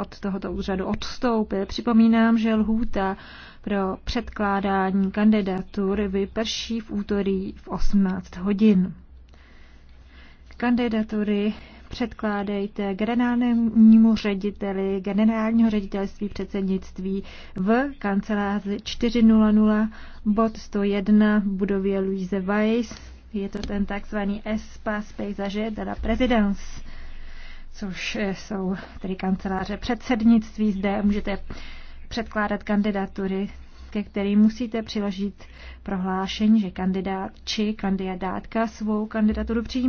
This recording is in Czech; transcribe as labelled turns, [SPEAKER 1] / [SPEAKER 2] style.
[SPEAKER 1] od tohoto úřadu odstoupil. Připomínám, že lhůta pro předkládání kandidatur vyprší v úterý v 18 hodin. Kandidatury předkládejte generálnímu řediteli generálního ředitelství předsednictví v kanceláři 400 bod 101 v budově Louise Weiss. Je to ten takzvaný ESPA Space teda Presidence což jsou tedy kanceláře předsednictví. Zde můžete předkládat kandidatury, ke kterým musíte přiložit prohlášení, že kandidát či kandidátka svou kandidaturu
[SPEAKER 2] přijímá.